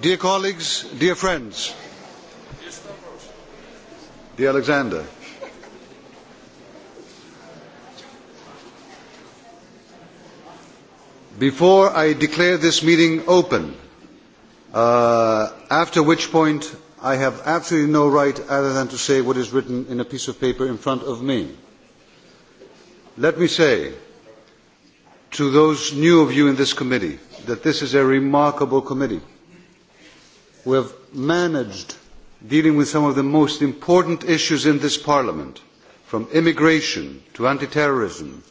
Dear colleagues, dear friends, dear Alexander, before I declare this meeting open, uh, after which point I have absolutely no right other than to say what is written in a piece of paper in front of me. Let me say to those new of you in this committee that this is a remarkable committee we have managed dealing with some of the most important issues in this Parliament, from immigration to anti-terrorism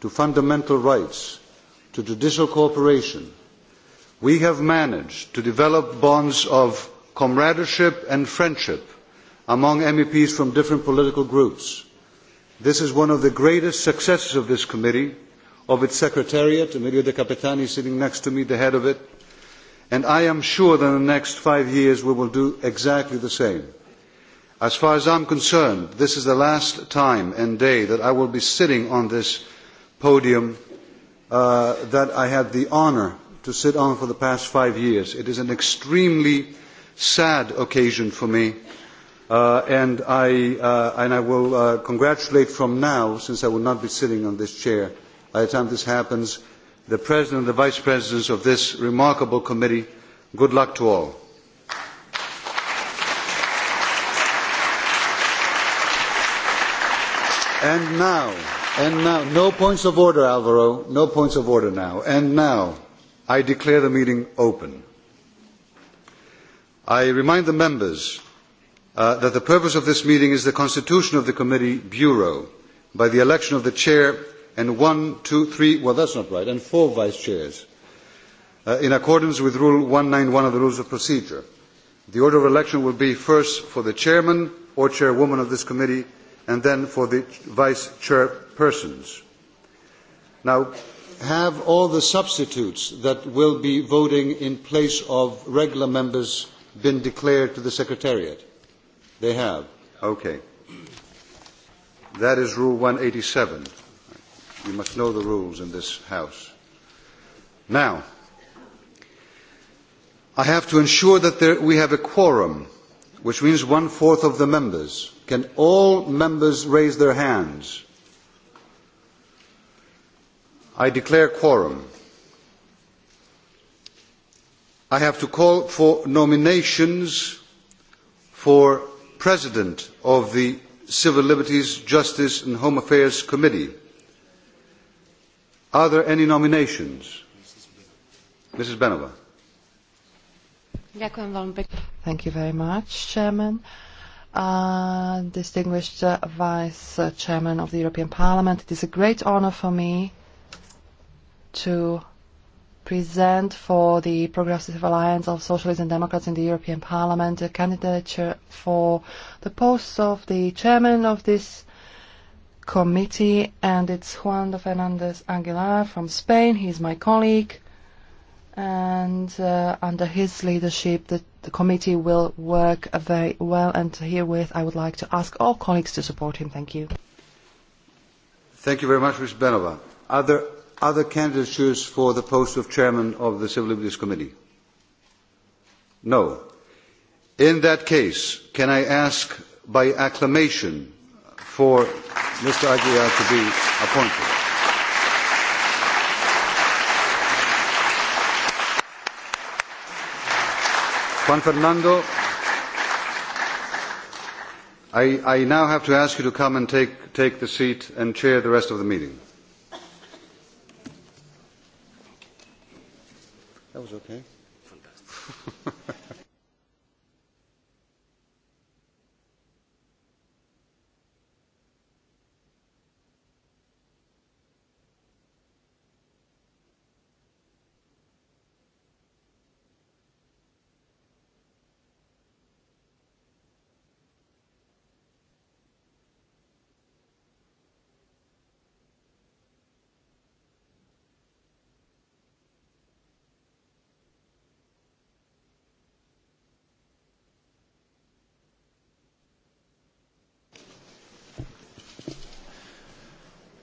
to fundamental rights to judicial cooperation, we have managed to develop bonds of comradeship and friendship among MEPs from different political groups. This is one of the greatest successes of this committee, of its secretariat, Emilio De Capitani sitting next to me, the head of it, And I am sure that in the next five years we will do exactly the same. As far as I am concerned, this is the last time and day that I will be sitting on this podium uh, that I had the honour to sit on for the past five years. It is an extremely sad occasion for me, uh, and, I, uh, and I will uh, congratulate from now, since I will not be sitting on this chair by the time this happens, the President and the Vice Presidents of this remarkable committee. Good luck to all. And now, and now, no points of order, Alvaro, no points of order now. And now, I declare the meeting open. I remind the members uh, that the purpose of this meeting is the constitution of the committee bureau by the election of the chair and one, two, three, well, that's not right, and four vice chairs, uh, in accordance with Rule one hundred and one of the Rules of Procedure. The order of election will be first for the chairman or chairwoman of this committee, and then for the vice chairpersons. Now, have all the substitutes that will be voting in place of regular members been declared to the Secretariat? They have. Okay. That is Rule one hundred and eighty seven. You must know the rules in this House. Now, I have to ensure that there, we have a quorum, which means one fourth of the members. Can all members raise their hands? I declare quorum. I have to call for nominations for President of the Civil Liberties, Justice and Home Affairs Committee. Are there any nominations? Mrs. Benova. Thank you very much, Chairman. Uh, distinguished uh, Vice uh, Chairman of the European Parliament, it is a great honor for me to present for the Progressive Alliance of Socialists and Democrats in the European Parliament a candidature for the post of the Chairman of this committee, and it's Juan de Fernandez Aguilar from Spain. He's my colleague. And uh, under his leadership, the, the committee will work very well. And herewith, I would like to ask all colleagues to support him. Thank you. Thank you very much, Ms. Benova. Are there other candidatures for the post of chairman of the Civil Liberties Committee? No. In that case, can I ask by acclamation for Mr. Aguiar to be appointed. Juan Fernando, I, I now have to ask you to come and take, take the seat and chair the rest of the meeting. That was okay.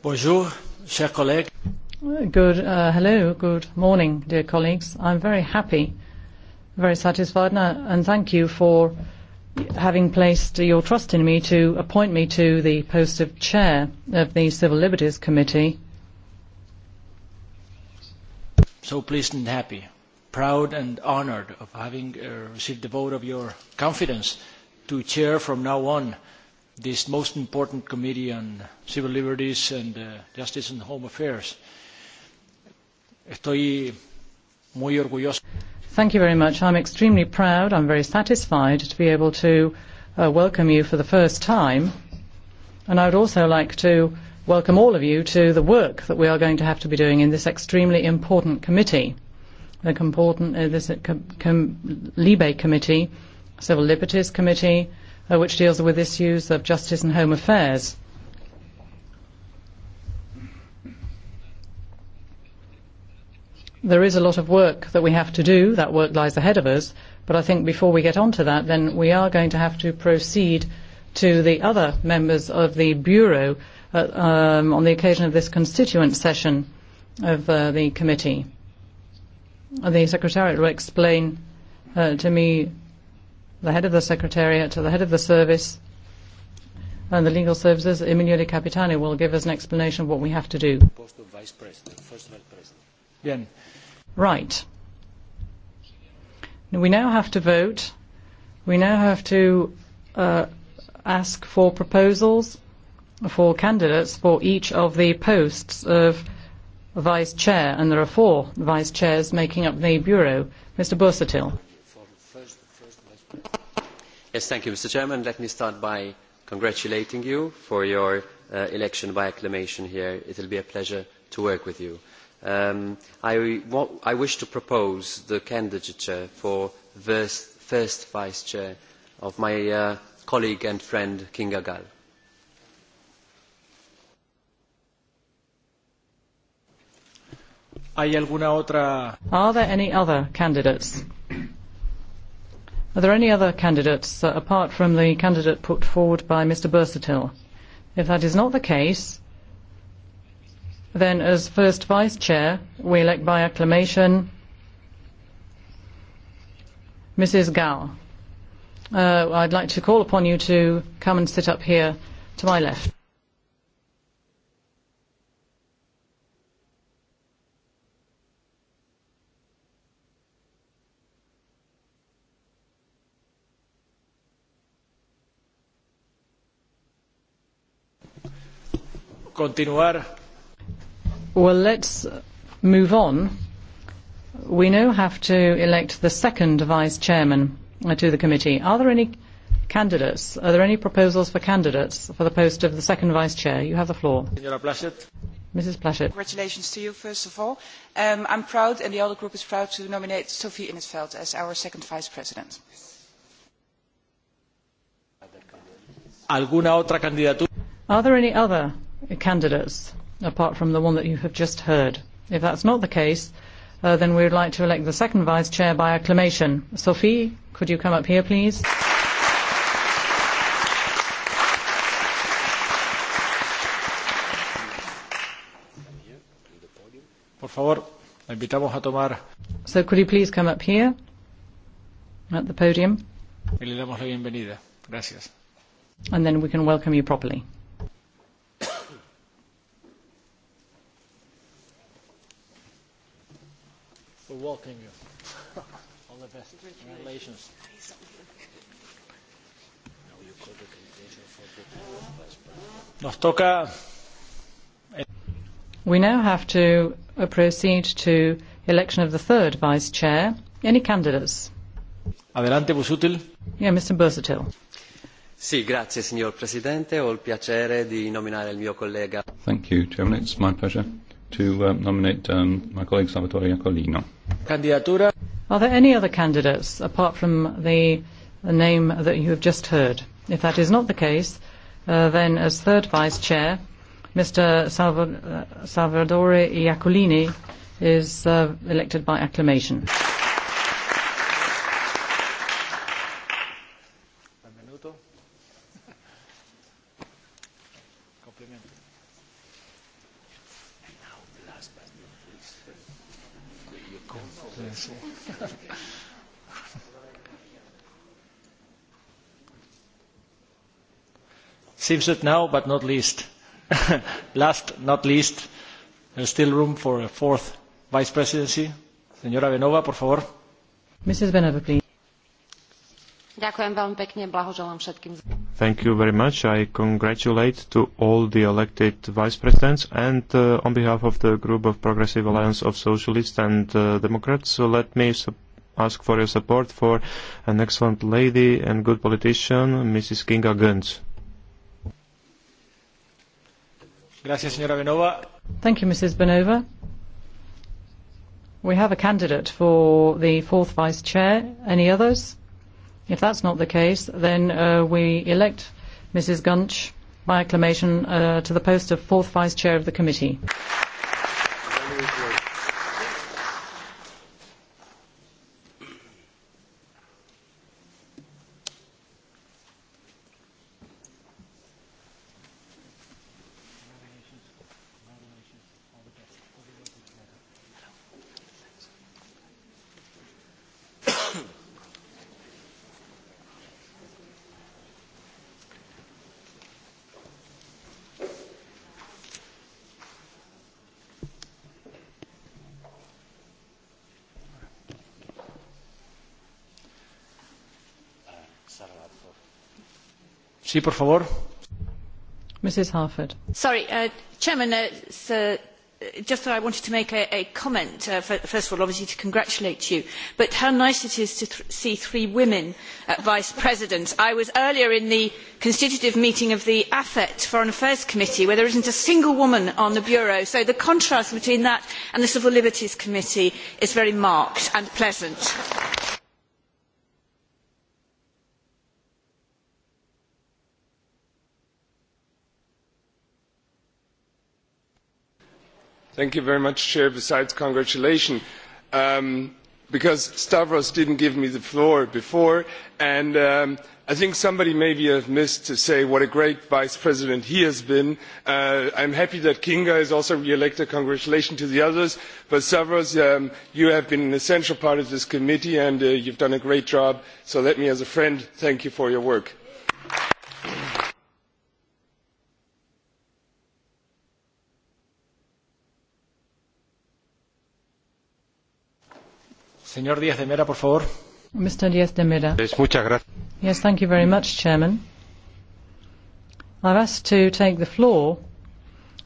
Bonjour, chers collègues. Good, uh, hello, good morning, dear colleagues. I'm very happy, very satisfied, uh, and thank you for having placed your trust in me to appoint me to the post of chair of the Civil Liberties Committee. So pleased and happy, proud and honored of having uh, received the vote of your confidence to chair from now on this most important committee on civil liberties and uh, justice and home affairs. Estoy muy orgulloso. Thank you very much. I'm extremely proud. I'm very satisfied to be able to uh, welcome you for the first time. And I would also like to welcome all of you to the work that we are going to have to be doing in this extremely important committee, the important, uh, this uh, com, com, Libe Committee, Civil Liberties Committee, uh, which deals with issues of justice and home affairs. There is a lot of work that we have to do. That work lies ahead of us. But I think before we get on to that, then we are going to have to proceed to the other members of the Bureau uh, um, on the occasion of this constituent session of uh, the committee. The Secretariat will explain uh, to me the head of the Secretariat, to the head of the service, and the legal services, Emanuele Capitani, will give us an explanation of what we have to do. Vice President, First Vice President. Bien. Right. We now have to vote. We now have to uh, ask for proposals for candidates for each of the posts of vice chair, and there are four vice chairs making up the bureau. Mr. Bursatil. Yes, thank you, Mr. Chairman. Let me start by congratulating you for your uh, election by acclamation here. It will be a pleasure to work with you. Um, I, I wish to propose the candidature for first, first vice chair of my uh, colleague and friend King Agal. Are there any other candidates? Are there any other candidates uh, apart from the candidate put forward by Mr. Bursatil? If that is not the case, then as first vice chair, we elect by acclamation Mrs. Gao. Uh, I'd like to call upon you to come and sit up here to my left. continuar. Well, let's move on. We now have to elect the second vice chairman uh, to the committee. Are there any candidates? Are there any proposals for candidates for the post of the second vice chair? You have the floor. Senora Plaschett. Mrs. Plaschett. Congratulations to you, first of all. Um, I'm proud, and the other group is proud, to nominate Sophie Innesfeld as our second vice president. Are there any other candidates apart from the one that you have just heard. If that's not the case, uh, then we would like to elect the second vice chair by acclamation. Sophie, could you come up here, please? Por favor, invitamos a tomar. So could you please come up here at the podium? Y le damos la bienvenida. Gracias. And then we can welcome you properly. welcome you. All the best. Congratulations. Nos toca. We now have to uh, proceed to election of the third vice chair. Any candidates? Adelante, Busutil. Yeah, Mr. Busutil. Sì, grazie signor Presidente, ho il piacere di nominare il mio collega. Thank you, Chairman. It's my pleasure to uh, nominate um, my colleague Salvatore Iacolino. Candidatura. Are there any other candidates apart from the name that you have just heard? If that is not the case, uh, then as third vice chair, Mr. Uh, Salvadore Iacolini is uh, elected by acclamation. seems that now, but not least. Last, not least, there's still room for a fourth vice presidency. Senora Venova, por favor. Mrs. Venova, please. Thank you very much. I congratulate to all the elected vice presidents and uh, on behalf of the group of Progressive Alliance of Socialists and uh, Democrats, so let me ask for your support for an excellent lady and good politician, Mrs. Kinga Gunz. Grazie, signora Benova. Thank you, Mrs. Benova. We have a candidate for the fourth vice chair. Any others? If that's not the case, then uh, we elect Mrs. Gunch by acclamation uh, to the post of fourth vice chair of the committee. Sí, por favor. Mrs. Harford. Sorry, uh, Chairman, uh, sir, uh, just that I wanted to make a, a comment, uh, for, first of all, obviously to congratulate you, but how nice it is to th see three women uh, vice presidents. I was earlier in the constitutive meeting of the AFET Foreign Affairs Committee where there isn't a single woman on the Bureau, so the contrast between that and the Civil Liberties Committee is very marked and pleasant. Thank you very much, Chair. Besides congratulations, um, because Stavros didn't give me the floor before, and um, I think somebody maybe have missed to say what a great vice president he has been. Uh, I'm happy that Kinga is also re-elected. Congratulations to the others. But Savros, um, you have been an essential part of this committee and uh, you've done a great job. So let me, as a friend, thank you for your work. Señor Díaz de Mera, por favor. Mr. Díaz de Mera. Yes, muchas gracias. Yes, thank you very much, Chairman. I've asked to take the floor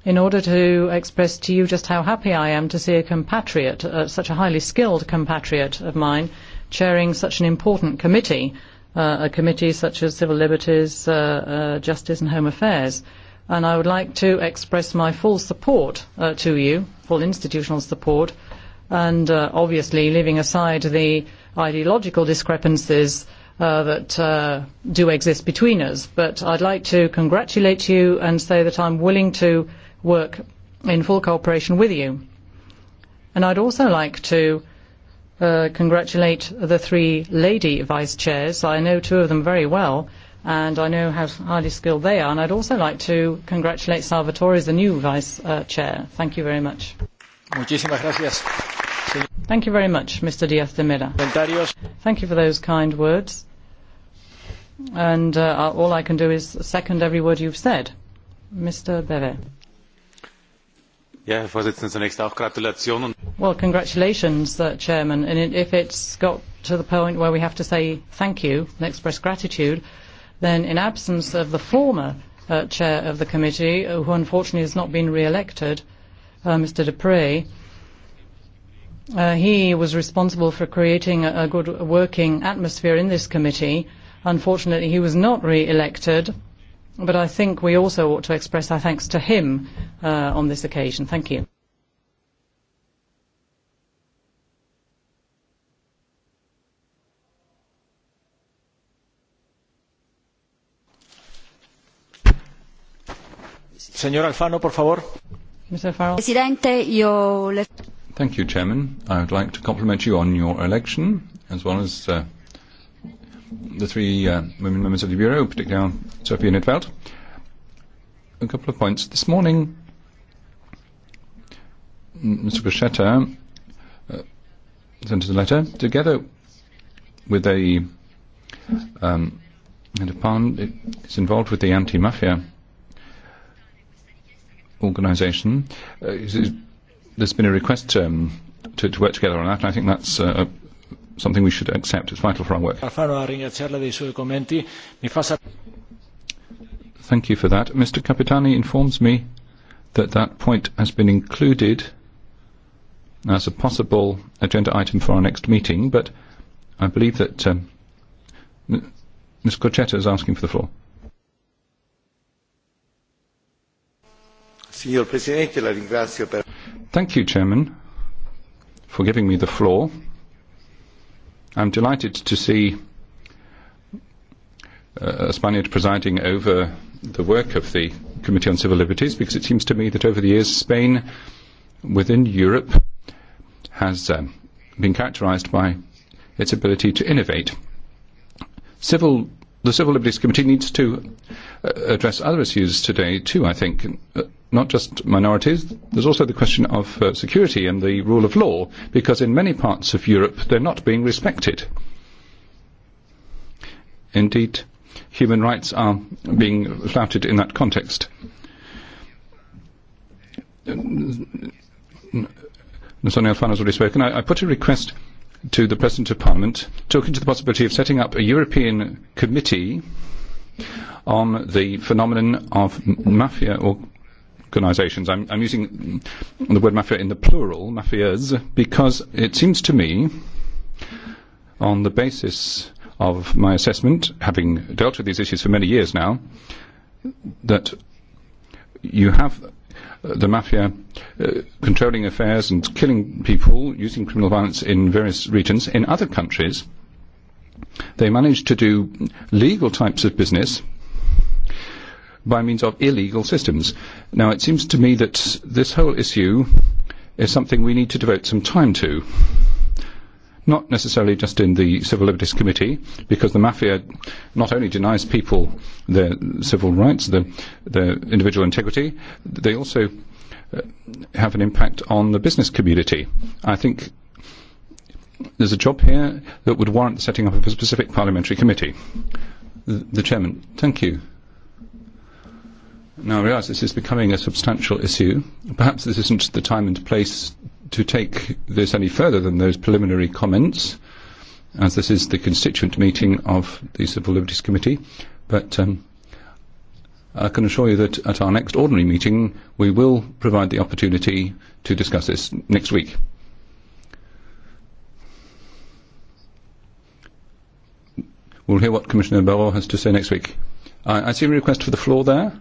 in order to express to you just how happy I am to see a compatriot, uh, such a highly skilled compatriot of mine, chairing such an important committee, uh, a committee such as Civil Liberties, uh, uh, Justice and Home Affairs. And I would like to express my full support uh, to you, full institutional support, and uh, obviously leaving aside the ideological discrepancies uh, that uh, do exist between us. But I'd like to congratulate you and say that I'm willing to work in full cooperation with you. And I'd also like to uh, congratulate the three lady vice chairs. I know two of them very well, and I know how highly skilled they are. And I'd also like to congratulate Salvatore as the new vice uh, chair. Thank you very much. Muchísimas gracias. Thank you very much, Mr. Diaz de Mera. Thank you for those kind words. And uh, uh, all I can do is second every word you've said. Mr. Beve. Well, congratulations, uh, Chairman. And if it's got to the point where we have to say thank you and express gratitude, then in absence of the former uh, chair of the committee, who unfortunately has not been re-elected, uh, Mr. Dupre, Uh, he was responsible for creating a, a good working atmosphere in this committee. Unfortunately, he was not re-elected, but I think we also ought to express our thanks to him uh, on this occasion. Thank you. Señor Alfano, por favor. Mr. Farrell. Presidente, io le... Thank you, Chairman. I would like to compliment you on your election, as well as uh, the three uh, women members of the Bureau, particularly Sophia Nitveld. A couple of points. This morning, Mr. Grishetta uh, sent us a letter, together with a um, and upon is involved with the anti-mafia organization. Uh, there's been a request um, to, to work together on that, and I think that's uh, something we should accept. It's vital for our work. Thank you for that. Mr. Capitani informs me that that point has been included as a possible agenda item for our next meeting, but I believe that um, Ms. Cochetta is asking for the floor. Signor Presidente, la ringrazio per... Thank you, Chairman, for giving me the floor. I'm delighted to see uh, Spaniard presiding over the work of the Committee on Civil Liberties because it seems to me that over the years Spain within Europe has uh, been characterized by its ability to innovate. Civil the Civil Liberties Committee needs to uh address other issues today too, I think, uh not just minorities. There's also the question of uh, security and the rule of law, because in many parts of Europe they're not being respected. Indeed, human rights are being flouted in that context. Sonia Alfano has already spoken. I, I put a request to the President of Parliament to look into the possibility of setting up a European committee on the phenomenon of mafia organisations. I'm, I'm using the word mafia in the plural, mafias, because it seems to me, on the basis of my assessment, having dealt with these issues for many years now, that you have the mafia uh, controlling affairs and killing people using criminal violence in various regions. In other countries, they manage to do legal types of business by means of illegal systems. Now, it seems to me that this whole issue is something we need to devote some time to not necessarily just in the Civil Liberties Committee, because the mafia not only denies people their civil rights, their, their individual integrity, they also uh, have an impact on the business community. I think there's a job here that would warrant the setting up of a specific parliamentary committee. The, the chairman, thank you. Now, I realise this is becoming a substantial issue. Perhaps this isn't the time and place to take this any further than those preliminary comments, as this is the constituent meeting of the Civil Liberties Committee, but um, I can assure you that at our next ordinary meeting, we will provide the opportunity to discuss this next week. We'll hear what Commissioner Barrow has to say next week. I, I see a request for the floor there.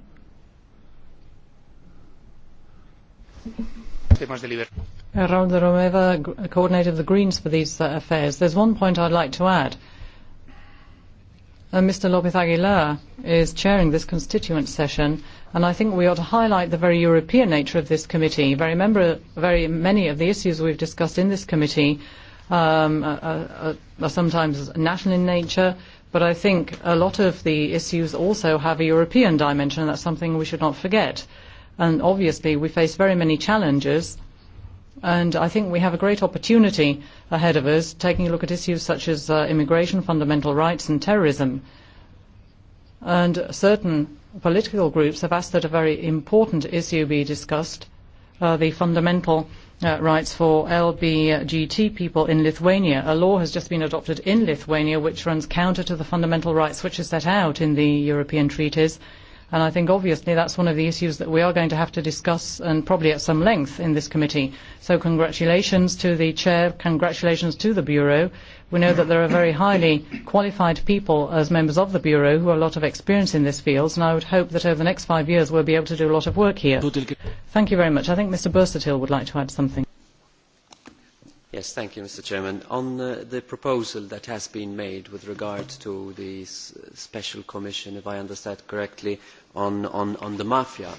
temas de libertad Ronda Romeva, coordinator of the Greens for these uh, affairs. There's one point I'd like to add. Uh, Mr. Lopez Aguilar is chairing this constituent session, and I think we ought to highlight the very European nature of this committee. Very, member, very many of the issues we've discussed in this committee um, are, are, are sometimes national in nature, but I think a lot of the issues also have a European dimension. and That's something we should not forget. And obviously, we face very many challenges And I think we have a great opportunity ahead of us, taking a look at issues such as uh, immigration, fundamental rights and terrorism. And certain political groups have asked that a very important issue be discussed, uh, the fundamental uh, rights for LBGT people in Lithuania. A law has just been adopted in Lithuania which runs counter to the fundamental rights which are set out in the European treaties. Uh, And I think obviously that's one of the issues that we are going to have to discuss and probably at some length in this committee. So congratulations to the Chair, congratulations to the Bureau. We know that there are very highly qualified people as members of the Bureau who have a lot of experience in this field and I would hope that over the next five years we'll be able to do a lot of work here. Thank you very much. I think Mr. Bursatil would like to add something. Yes, thank you, Mr. Chairman. On uh, the proposal that has been made with regard to the special commission, if I understand correctly, on, on, on the mafia,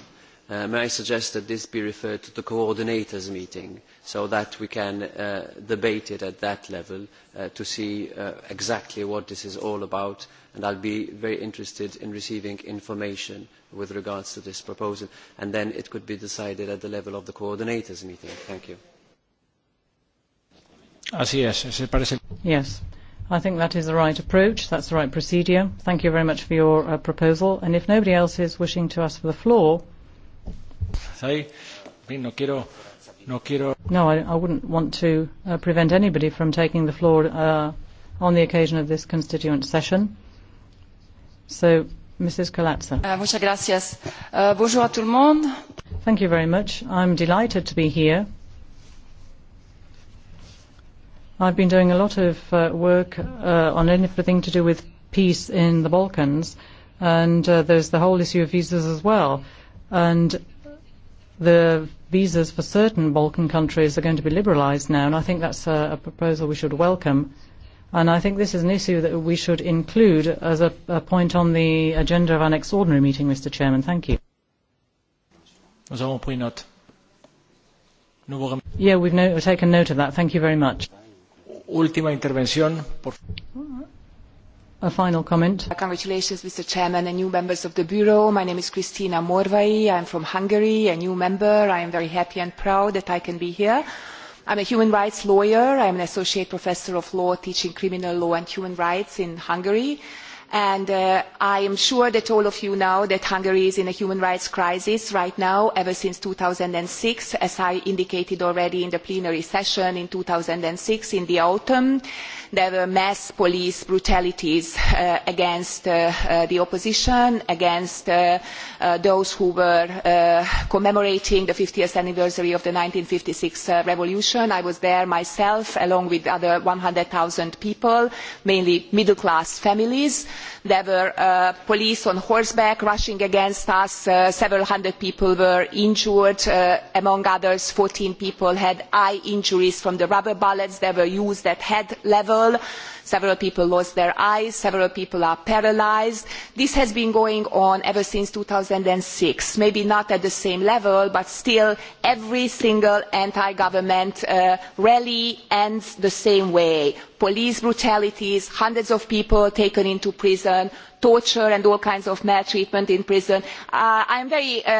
uh, may I suggest that this be referred to the coordinators meeting so that we can uh, debate it at that level uh, to see uh, exactly what this is all about and I will be very interested in receiving information with regard to this proposal and then it could be decided at the level of the coordinators meeting. Thank you. Así es, se parece. Yes. I think that is the right approach. That's the right procedure. Thank you very much for your uh, proposal. And if nobody else is wishing to ask for the floor. Sí. no quiero, no quiero. No, I, I wouldn't want to uh, prevent anybody from taking the floor uh, on the occasion of this constituent session. So, Mrs. Colazza. Uh, muchas gracias. Uh, bonjour à tout le monde. Thank you very much. I'm delighted to be here I've been doing a lot of uh, work uh, on anything to do with peace in the Balkans, and uh, there's the whole issue of visas as well. And the visas for certain Balkan countries are going to be liberalised now, and I think that's a, a proposal we should welcome. And I think this is an issue that we should include as a, a point on the agenda of our next ordinary meeting, Mr. Chairman. Thank you. Yeah, we've no taken note of that. Thank you very much. Ultima intervención. Por... A final comment. Uh, congratulations, Mr. Chairman and new members of the Bureau. My name is Kristina Morvai. I'm from Hungary, a new member. I am very happy and proud that I can be here. I'm a human rights lawyer. I'm an associate professor of law teaching criminal law and human rights in Hungary And uh, I am sure that all of you know that Hungary is in a human rights crisis right now, ever since two thousand and six, as I indicated already in the plenary session in two thousand and six in the autumn. There were mass police brutalities uh, against uh, the opposition, against those who were commemorating the fiftieth anniversary of the fifty six revolution. I was there myself, along with other one hundred zero people, mainly middle-class families There were uh, police on horseback rushing against us. Uh, several hundred people were injured. Uh, among others, fourteen people had eye injuries from the rubber bullets that were used at head level. Several people lost their eyes. Several people are paralysed. This has been going on ever since two thousand six. Maybe not at the same level, but still every single anti-government rally ends the same way. Police brutalities, hundreds of people taken into prison reason torture and all kinds of maltreatment in prison. Uh, I am very uh,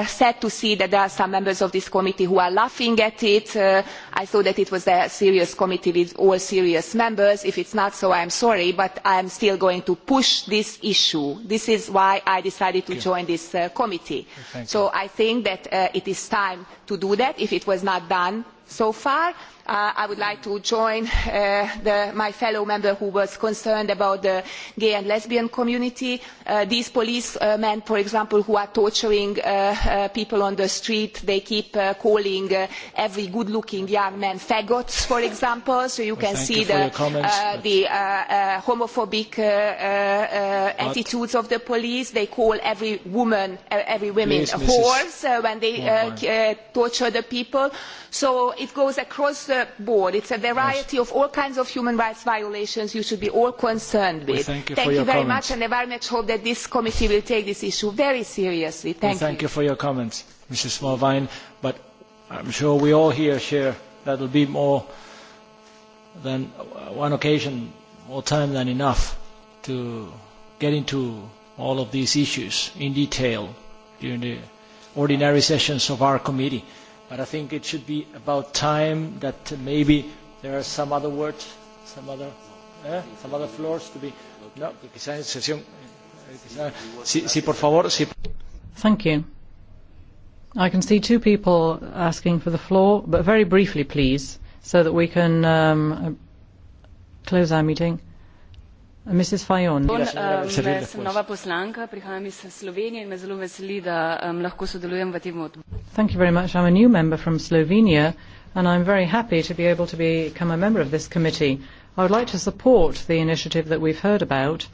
uh, sad to see that there are some members of this committee who are laughing at it. I thought that it was a serious committee with all serious members. If it's not so, I am sorry, but I am still going to push this issue. This is why I decided to join this committee. so I think that it is time to do that if it was not done so far. Uh, I would like to join the, my fellow member who was concerned about the gay and lesbian lesbian community. Uh, these policemen, for example, who are torturing uh, uh, people on the street, they keep calling every good-looking young man faggots, for example. So you can see the, homophobic attitudes of the police. They call every woman, every woman a whores when they torture the people. So it goes across the board. It's a variety of all kinds of human rights violations you should be all concerned with. thank you very much and I very much hope that this committee will take this issue very seriously. Thank well, thank you. you for your comments, Mrs. Smallvine, but I'm sure we all here share that will be more than one occasion, more time than enough to get into all of these issues in detail during the ordinary sessions of our committee. But I think it should be about time that maybe there are some other words, some other, eh, some other floors to be No, quizá en sesión. Quizá, sí, sí, por favor, sí. Thank you. I can see two people asking for the floor, but very briefly, please, so that we can um, close our meeting. Uh, Mrs. Fajon. Um, um, Thank you very much. I'm a new member from Slovenia and I'm very happy to be able to become a member of this committee. I would like to support the initiative that we've heard about,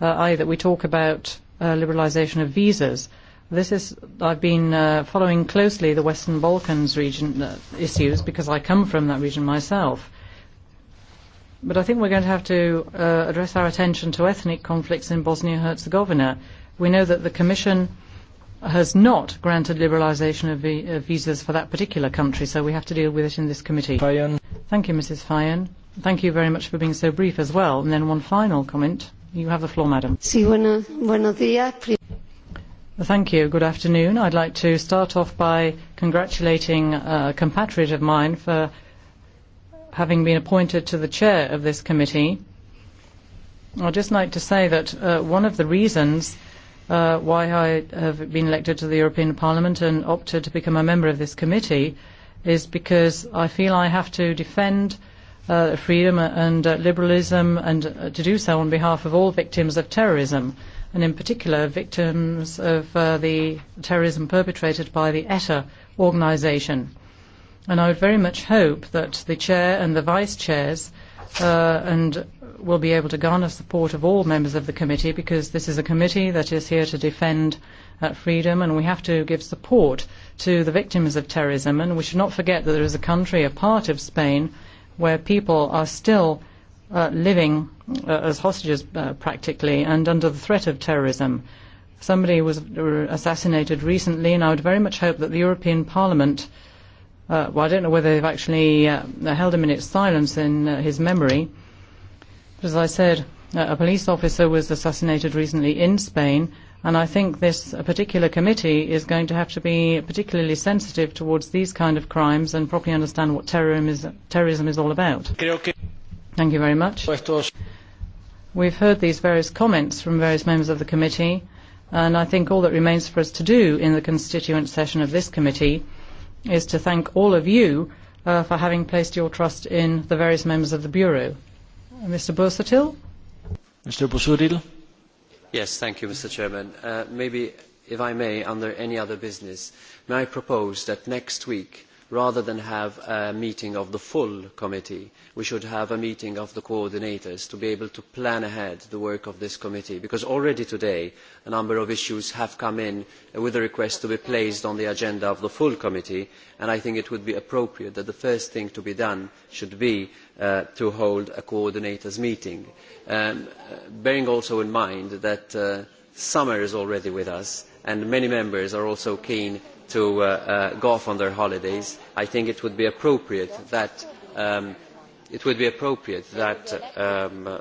uh, i.e. that we talk about uh, liberalisation of visas. This is, I've been uh, following closely the Western Balkans region uh, issues because I come from that region myself. But I think we're going to have to uh, address our attention to ethnic conflicts in Bosnia-Herzegovina. We know that the Commission has not granted liberalisation of, vi- of visas for that particular country, so we have to deal with it in this committee. Fayan. Thank you, Mrs. Fayan. Thank you very much for being so brief as well. And then one final comment. You have the floor, madam. Sí, bueno, buenos días. Thank you. Good afternoon. I'd like to start off by congratulating a compatriot of mine for having been appointed to the chair of this committee. I'd just like to say that uh, one of the reasons uh, why I have been elected to the European Parliament and opted to become a member of this committee is because I feel I have to defend – uh, freedom and uh, liberalism and uh, to do so on behalf of all victims of terrorism and in particular victims of uh, the terrorism perpetrated by the ETA organization. And I would very much hope that the chair and the vice chairs uh, and will be able to garner support of all members of the committee because this is a committee that is here to defend uh, freedom and we have to give support to the victims of terrorism and we should not forget that there is a country, a part of Spain, where people are still uh, living uh, as hostages uh, practically and under the threat of terrorism. Somebody was uh, assassinated recently, and I would very much hope that the European Parliament, uh, well, I don't know whether they've actually uh, held a its silence in uh, his memory, but as I said, uh, a police officer was assassinated recently in Spain, And I think this uh, particular committee is going to have to be particularly sensitive towards these kind of crimes and properly understand what terrorism is, terrorism is all about. Thank you very much. We've heard these various comments from various members of the committee, and I think all that remains for us to do in the constituent session of this committee is to thank all of you uh, for having placed your trust in the various members of the Bureau. Uh, Mr. Bursatil? Mr. Bursatil? Yes, thank you, Mr. Chairman. Uh, maybe, if I may, under any other business, may I propose that next week, rather than have a meeting of the full committee, we should have a meeting of the coordinators to be able to plan ahead the work of this committee, because already today a number of issues have come in with a request to be placed on the agenda of the full committee, and I think it would be appropriate that the first thing to be done should be uh, to hold a coordinators meeting. Um, bearing also in mind that uh, summer is already with us and many members are also keen to uh, uh, go off on their holidays, I think it would be appropriate that um, it would be appropriate that um,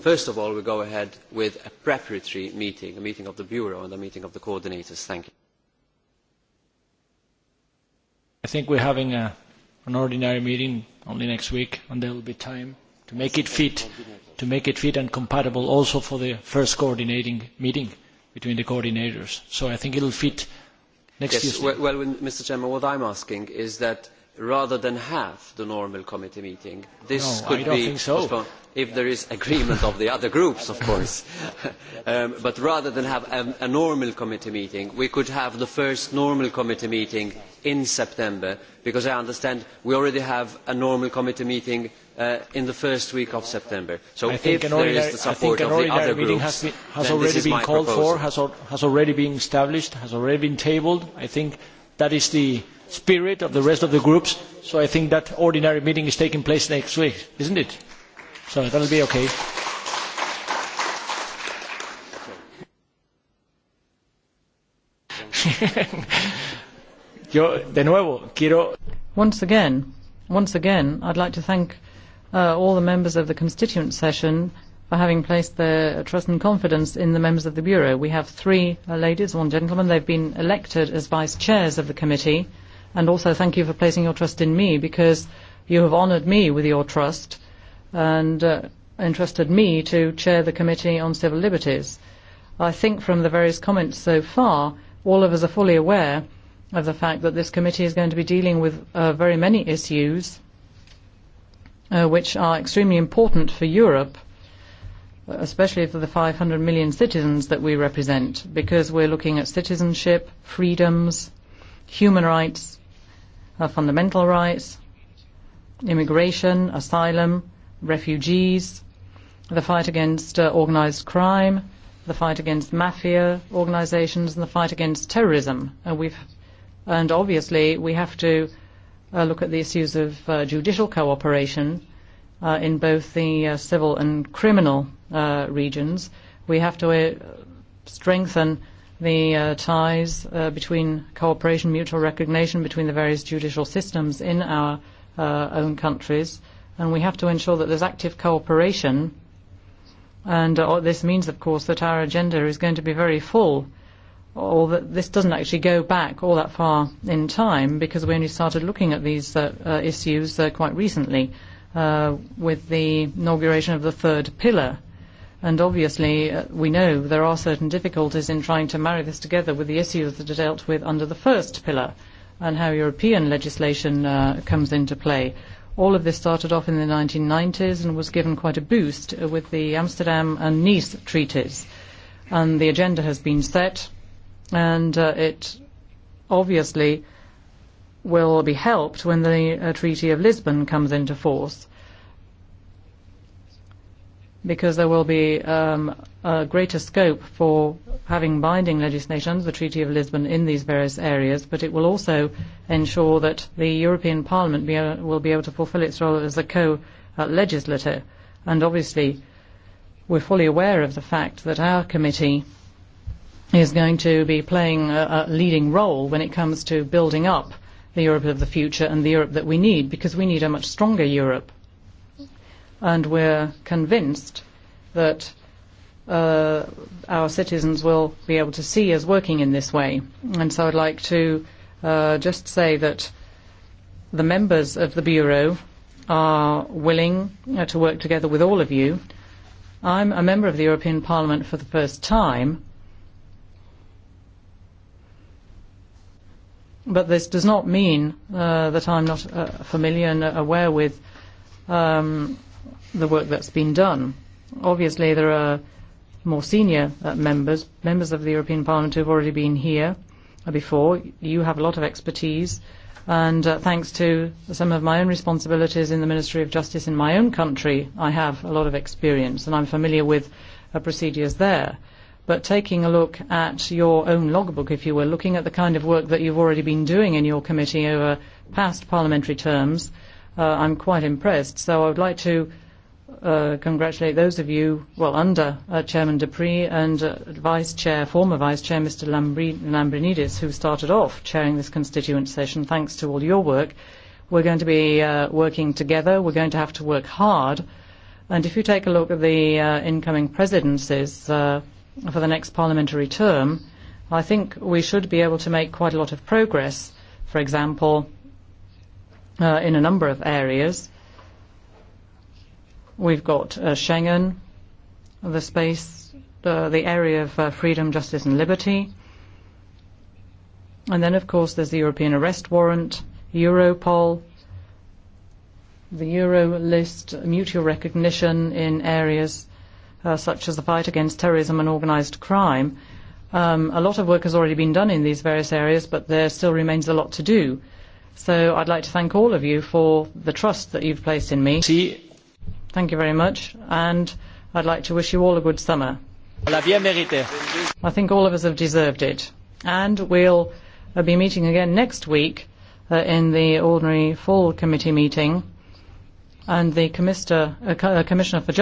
first of all we go ahead with a preparatory meeting, a meeting of the Bureau and a meeting of the coordinators. Thank you. I think we're having a an ordinary meeting only next week, and there will be time to make it fit, to make it fit and compatible also for the first coordinating meeting between the coordinators. So I think it will fit next yes, Tuesday. Well, well, Mr. Chairman, what I'm asking is that rather than have the normal committee meeting, this no, could I don't be think so. postponed if there is agreement of the other groups, of course. um, but rather than have a, a normal committee meeting, we could have the first normal committee meeting in September, because I understand we already have a normal committee meeting uh, in the first week of September. So if there is the support of the other meeting groups, has, been, has then already this is been my called proposal. for, has, has already been established, has already been tabled. I think that is the spirit of the rest of the groups. So I think that ordinary meeting is taking place next week, isn't it? So that will be okay. Yo, de nuevo, quiero... Once again, once again, I'd like to thank uh, all the members of the constituent session for having placed their trust and confidence in the members of the Bureau. We have three uh, ladies, one gentleman. They've been elected as vice chairs of the committee. And also thank you for placing your trust in me because you have honoured me with your trust and uh, entrusted me to chair the Committee on Civil Liberties. I think from the various comments so far, all of us are fully aware of the fact that this committee is going to be dealing with uh, very many issues uh, which are extremely important for Europe, uh, especially for the 500 million citizens that we represent, because we're looking at citizenship, freedoms, human rights, uh, fundamental rights, immigration, asylum, refugees, the fight against uh, organized crime, the fight against mafia organizations, and the fight against terrorism. Uh, we've And obviously, we have to uh, look at the issues of uh, judicial cooperation uh, in both the uh, civil and criminal uh, regions. We have to uh, strengthen the uh, ties uh, between cooperation, mutual recognition between the various judicial systems in our uh, own countries. And we have to ensure that there's active cooperation. And uh, this means, of course, that our agenda is going to be very full or this doesn't actually go back all that far in time because we only started looking at these uh, uh, issues uh, quite recently uh, with the inauguration of the third pillar. And obviously, uh, we know there are certain difficulties in trying to marry this together with the issues that are dealt with under the first pillar and how European legislation uh, comes into play. All of this started off in the 1990s and was given quite a boost with the Amsterdam and Nice treaties. And the agenda has been set and uh, it obviously will be helped when the uh, Treaty of Lisbon comes into force because there will be um, a greater scope for having binding legislation, under the Treaty of Lisbon, in these various areas, but it will also ensure that the European Parliament be, uh, will be able to fulfill its role as a co-legislator. And obviously, we're fully aware of the fact that our committee is going to be playing a, a leading role when it comes to building up the Europe of the future and the Europe that we need, because we need a much stronger Europe. And we're convinced that uh, our citizens will be able to see us working in this way. And so I'd like to uh, just say that the members of the Bureau are willing uh, to work together with all of you. I'm a member of the European Parliament for the first time, But this does not mean uh, that I'm not uh, familiar and aware with um, the work that's been done. Obviously, there are more senior uh, members, members of the European Parliament who have already been here before. You have a lot of expertise, and uh, thanks to some of my own responsibilities in the Ministry of Justice in my own country, I have a lot of experience, and I'm familiar with uh, procedures there. But taking a look at your own logbook, if you were, looking at the kind of work that you've already been doing in your committee over past parliamentary terms, uh, I'm quite impressed. So I would like to uh, congratulate those of you, well, under uh, Chairman Dupree and uh, Vice Chair, former Vice Chair Mr. Lambrinidis, who started off chairing this constituent session, thanks to all your work. We're going to be uh, working together. We're going to have to work hard. And if you take a look at the uh, incoming presidencies, uh, for the next parliamentary term, I think we should be able to make quite a lot of progress, for example, uh, in a number of areas. We've got uh, Schengen, the space, uh, the area of uh, freedom, justice and liberty. And then, of course, there's the European arrest warrant, Europol, the Euro list, mutual recognition in areas uh, such as the fight against terrorism and organized crime. Um, a lot of work has already been done in these various areas, but there still remains a lot to do. So I'd like to thank all of you for the trust that you've placed in me. Si. Thank you very much, and I'd like to wish you all a good summer. La bien mérité. I think all of us have deserved it. And we'll uh, be meeting again next week uh, in the ordinary fall committee meeting, and the commister, uh, uh Commissioner for Justice